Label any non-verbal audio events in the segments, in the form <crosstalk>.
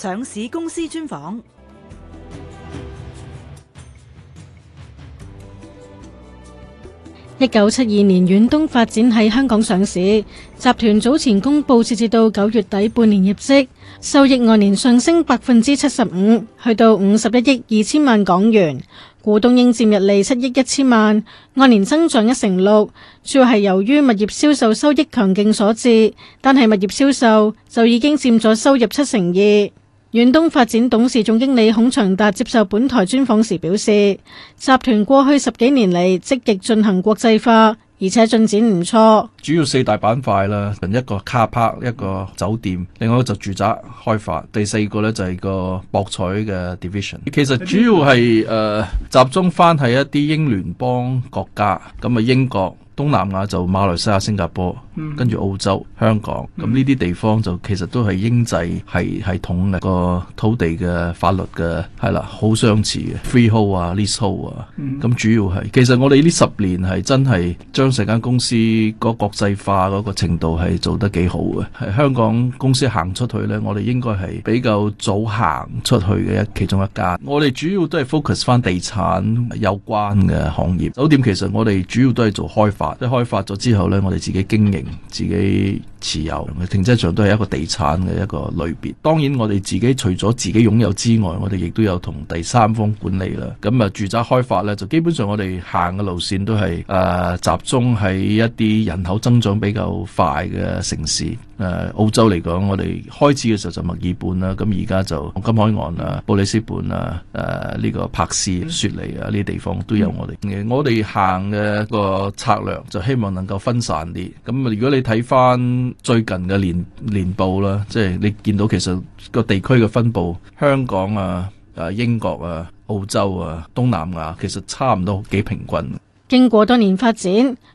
上市公司專訪。一九七二年，遠東發展喺香港上市。集團早前公布，截至到九月底半年業績，收益按年上升百分之七十五，去到五十一億二千萬港元。股東應占溢利七億一千萬，按年增長一成六，主要係由於物業銷售收益強勁所致。單係物業銷售就已經佔咗收入七成二。遠東發展董事總經理孔祥達接受本台專訪時表示，集團過去十幾年嚟積極進行國際化，而且進展唔錯。主要四大板塊啦，一個卡 a 一個酒店，另外一個就住宅開發，第四個就係個博彩嘅 division。其實主要係誒、呃、集中翻喺一啲英聯邦國家，咁啊英國、東南亞就馬來西亞、新加坡。跟住澳洲、香港，咁呢啲地方就其實都係英制係系統個土地嘅法律嘅係啦，好相似嘅 freehold 啊、leasehold 啊。咁主要係其實我哋呢十年係真係將成間公司嗰國際化嗰程度係做得幾好嘅。係香港公司行出去咧，我哋應該係比較早行出去嘅一其中一間，我哋主要都係 focus 翻地產有關嘅行業。酒店其實我哋主要都係做開發，即係開發咗之後咧，我哋自己經營。自己。持有停車場都係一個地產嘅一個類別，當然我哋自己除咗自己擁有之外，我哋亦都有同第三方管理啦。咁啊，住宅開發咧就基本上我哋行嘅路線都係誒、啊、集中喺一啲人口增長比較快嘅城市。誒、啊、澳洲嚟講，我哋開始嘅時候就墨爾本啦，咁而家就金海岸啊、布里斯本啊、誒、啊、呢、這個柏斯、雪梨啊呢啲地方都有我哋嘅、嗯。我哋行嘅個策略就希望能夠分散啲。咁啊，如果你睇翻。最近嘅年年報啦，即係你見到其實個地區嘅分布，香港啊、啊英國啊、澳洲啊、東南亞其實差唔多幾平均。經過多年發展，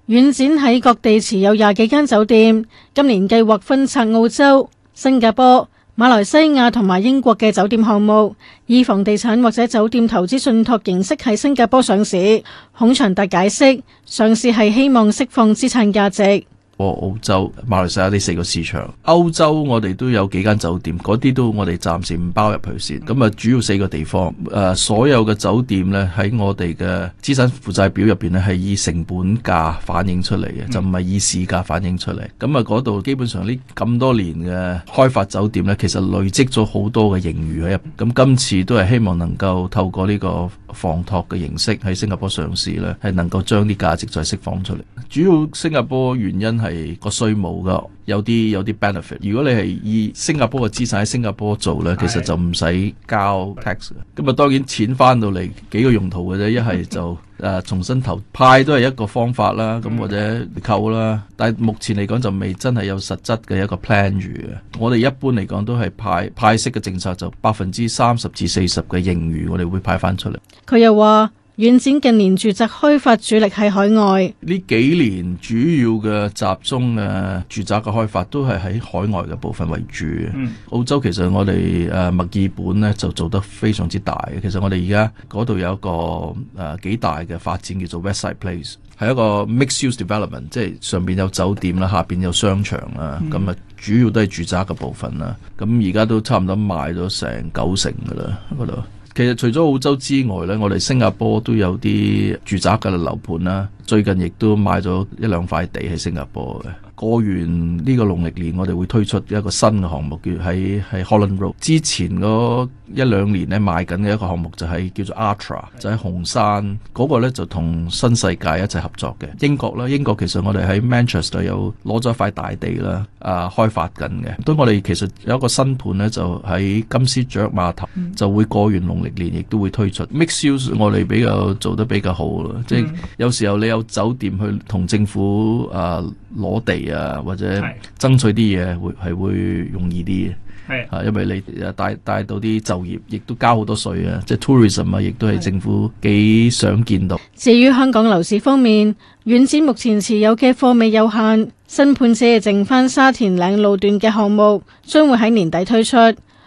遠展喺各地持有廿幾間酒店，今年計劃分拆澳洲、新加坡、馬來西亞同埋英國嘅酒店項目，以房地產或者酒店投資信託形式喺新加坡上市。孔祥達解釋，上市係希望釋放資產價值。澳洲、馬來西亞呢四個市場，歐洲我哋都有幾間酒店，嗰啲都我哋暫時唔包入去先。咁啊，主要四個地方，誒、啊，所有嘅酒店呢，喺我哋嘅資產負債表入邊呢係以成本價反映出嚟嘅，就唔係以市價反映出嚟。咁啊，嗰度基本上呢咁多年嘅開發酒店呢，其實累積咗好多嘅盈餘喺入。咁今次都係希望能夠透過呢、這個。房託嘅形式喺新加坡上市呢，係能夠將啲價值再釋放出嚟。主要新加坡原因係個稅務㗎，有啲有啲 benefit。如果你係以新加坡嘅資產喺新加坡做呢，其實就唔使交 tax。咁啊，當然錢返到嚟幾個用途嘅啫，一係就。 <laughs> 誒，重新投派都係一個方法啦，咁或者購啦，但係目前嚟講就未真係有實質嘅一個 plan 住嘅。我哋一般嚟講都係派派息嘅政策就，就百分之三十至四十嘅盈餘，我哋會派翻出嚟。佢又話。遠展近年住宅開發主力係海外，呢幾年主要嘅集中嘅、啊、住宅嘅開發都係喺海外嘅部分為主、嗯。澳洲其實我哋誒墨爾本呢就做得非常之大。其實我哋而家嗰度有一個誒、啊、幾大嘅發展叫做 West Side Place，係一個 mixed use development，即係上邊有酒店啦，下邊有商場啦，咁、嗯、啊主要都係住宅嘅部分啦。咁而家都差唔多賣咗成九成噶啦，度。其實除咗澳洲之外呢，我哋新加坡都有啲住宅嘅樓盤啦，最近亦都買咗一兩塊地喺新加坡嘅。過完呢個農曆年，我哋會推出一個新嘅項目，叫喺 Holland Road。之前嗰一兩年咧賣緊嘅一個項目就係叫做 Artra，就喺紅山嗰，那個咧就同新世界一齊合作嘅英國啦。英國其實我哋喺 Manchester 有攞咗一塊大地啦，啊開發緊嘅。咁我哋其實有一個新盤呢就喺金絲雀碼頭，嗯，就會過完農曆年亦都會推出。Mixed、嗯、use 我哋比較做得比較好咯，即、就、係、是嗯、有時候你有酒店去同政府啊攞地。啊，或者爭取啲嘢，會係會容易啲嘅，係，因為你帶帶到啲就業，亦都交好多稅啊，即係 tourism 啊，亦都係政府幾想見到的。至於香港樓市方面，遠展目前持有嘅貨尾有限，新盤只係剩翻沙田嶺路段嘅項目，將會喺年底推出。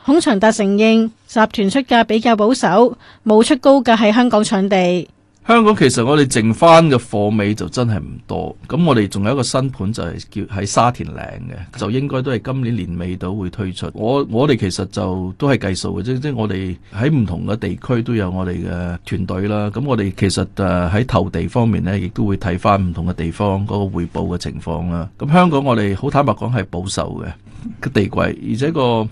孔祥達承認集團出價比較保守，冇出高價喺香港搶地。香港其實我哋剩翻嘅貨尾就真係唔多，咁我哋仲有一個新盤就係叫喺沙田嶺嘅，就應該都係今年年尾到會推出。我我哋其實就都係計數嘅啫，即係我哋喺唔同嘅地區都有我哋嘅團隊啦。咁我哋其實誒喺投地方面咧，亦都會睇翻唔同嘅地方嗰個回報嘅情況啦。咁香港我哋好坦白講係保守嘅。個地貴，而且個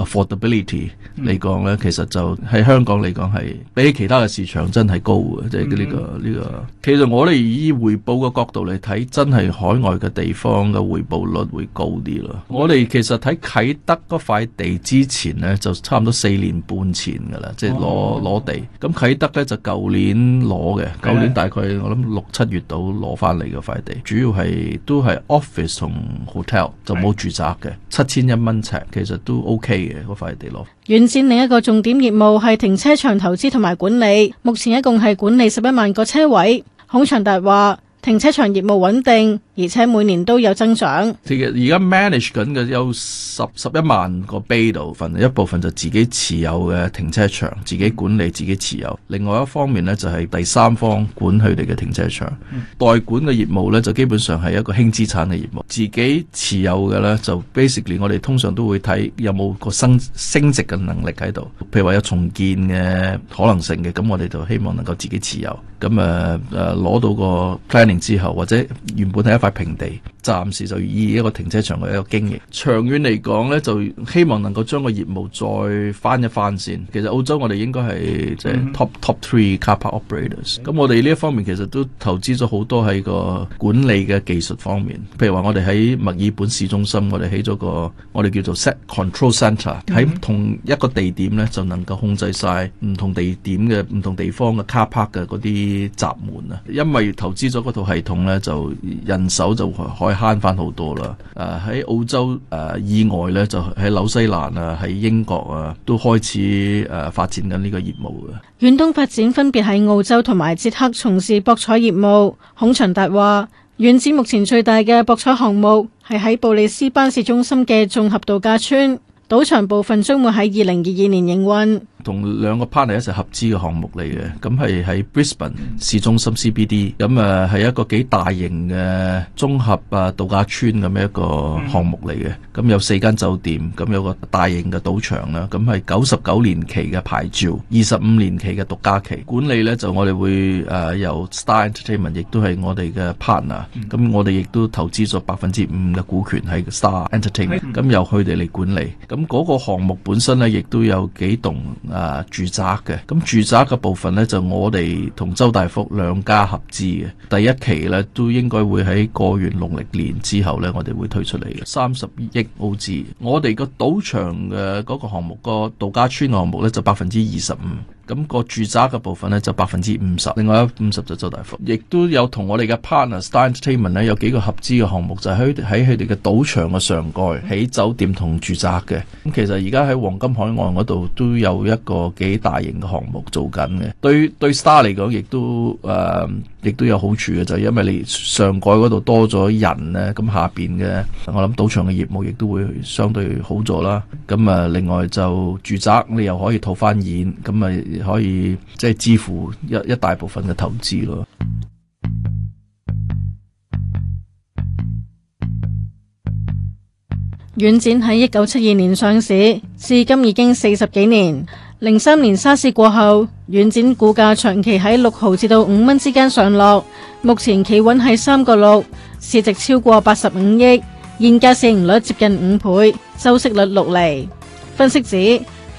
affordability 嚟講呢、嗯，其實就喺香港嚟講係比起其他嘅市場真係高嘅，即係呢個呢、嗯呢個。其實我哋以回報嘅角度嚟睇，真係海外嘅地方嘅回報率會高啲咯、嗯。我哋其實睇啟德嗰塊地之前呢，就差唔多四年半前㗎啦，即係攞攞地。咁、嗯、啟德呢，就舊年攞嘅，舊、嗯、年大概、嗯、我諗六七月度攞翻嚟嘅塊地，主要係都係 office 同 hotel，就冇住宅嘅。嗯嗯七千一蚊尺，其實都 O K 嘅，嗰塊地攞。遠東另一個重點業務係停車場投資同埋管理，目前一共係管理十一萬個車位。孔祥達話。停車場業務穩定，而且每年都有增長。而而家 manage 緊嘅有十十一萬個 bid 度份，一部分就自己持有嘅停車場，自己管理自己持有。另外一方面咧，就係第三方管佢哋嘅停車場。嗯、代管嘅業務咧，就基本上係一個輕資產嘅業務。自己持有嘅咧，就 basically 我哋通常都會睇有冇個升升值嘅能力喺度。譬如話有重建嘅可能性嘅，咁我哋就希望能夠自己持有。咁誒誒，攞、啊啊、到個 plan。之後或者原本係一塊平地，暫時就以一個停車場嘅一個經營。長遠嚟講咧，就希望能夠將個業務再翻一番先。其實澳洲我哋應該係即係 top, mm-hmm. top three car park operators, mm-hmm. 咁我哋呢一方面其實都投資咗好多喺個管理嘅技術方面。譬如話我哋喺墨爾本市中心，我哋起咗個我哋叫做 set control centre 喺同一個地點咧就能夠控制晒唔同地點嘅唔同地方嘅 car park 嘅啲閘門啊。因為投資咗嗰套。系統咧就人手就可以慳翻好多啦。誒、uh, 喺澳洲誒、uh, 以外咧，就喺紐西蘭啊，喺英國啊，都開始誒、啊、發展緊呢個業務嘅。遠東發展分別喺澳洲同埋捷克從事博彩業務。孔祥達話，遠展目前最大嘅博彩項目係喺布里斯班市中心嘅綜合度假村，賭場部分將會喺二零二二年營運。同兩個 partner 一齊合資嘅項目嚟嘅，咁係喺 Brisbane 市中心 CBD，咁係一個幾大型嘅綜合啊度假村咁一個項目嚟嘅，咁有四間酒店，咁有個大型嘅賭場啦，咁係九十九年期嘅牌照，二十五年期嘅獨家期管理呢，就我哋會誒由 Star Entertainment 亦都係我哋嘅 partner，咁我哋亦都投資咗百分之五嘅股權喺 Star Entertainment，咁由佢哋嚟管理，咁嗰個項目本身呢，亦都有幾棟。啊，住宅嘅，咁住宅嘅部分呢，就我哋同周大福兩家合資嘅第一期呢，都應該會喺過完農曆年之後呢，我哋會推出嚟嘅三十億澳幣。我哋個賭場嘅嗰個項目，個度假村項目呢，就百分之二十五。咁、嗰個住宅嘅部分呢，就百分之五十，另外一五十就周大福。亦都有同我哋嘅 partner Star Entertainment 呢，有幾個合資嘅項目，就喺喺佢哋嘅賭場嘅上蓋，起酒店同住宅嘅。咁其實而家喺黃金海岸嗰度都有一個幾大型嘅項目做緊嘅。對對 Star 嚟講，亦都誒亦都有好處嘅，就係、因為你上蓋嗰度多咗人呢。咁下面嘅我諗賭場嘅業務亦都會相對好咗啦。咁啊，另外就住宅你又可以套翻現。咁可以即係支付一一大部分嘅投資咯。遠展喺一九七二年上市，至今已經四十幾年。零三年沙士過後，遠展股價長期喺六毫至到五蚊之間上落，目前企穩喺三個六，市值超過八十五億，現價市盈率接近五倍，週息率六厘。分析指，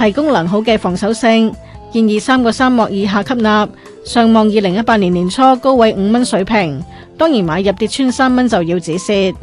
提供良好嘅防守性，建議三個三毫以下吸納，上望二零一八年年初高位五蚊水平。當然買入跌穿三蚊就要止蝕。